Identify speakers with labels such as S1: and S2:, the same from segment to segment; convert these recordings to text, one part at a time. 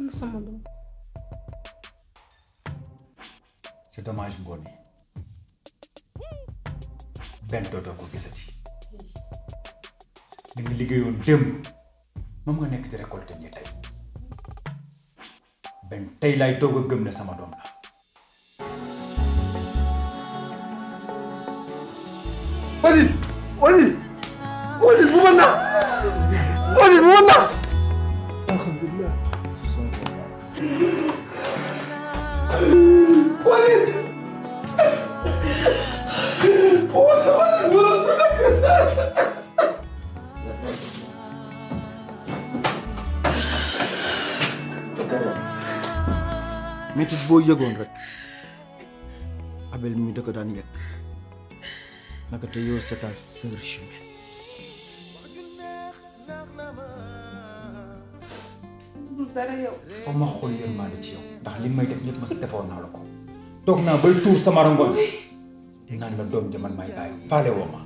S1: ana sama doom c'est dommage benn dootoo ko gisati li nga liggéeyoon démb moom nga nekk di récolter ni tey benn tey laay doog a gëm ne sama doom la Aziz Aziz Aziz bu ma nax bu ma nax métit boo yëgoon rek Abel mi da ko daan yëg naka te yow c'est ta sœur jumelle dara yow. foog ma xool ci yow ndax li may def ñëpp ma defoon naa la ko toog naa bay tuur sama rangoon naan la doom jaman may bàyyi faale woo ma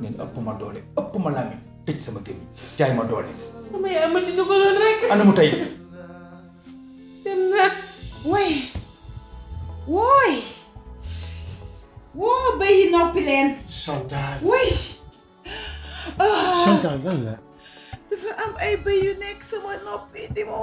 S1: ngeen ëpp ma doole ëpp ma làmmiñ tëj sama gémmiñ jaay ma doole. sama yaay ma ci rek. ana mu tey. woy wooy woo béy yi noppi leen. Chantal woy. Chantal lan la. am ay bëy yu nekk sama nopp yi di ma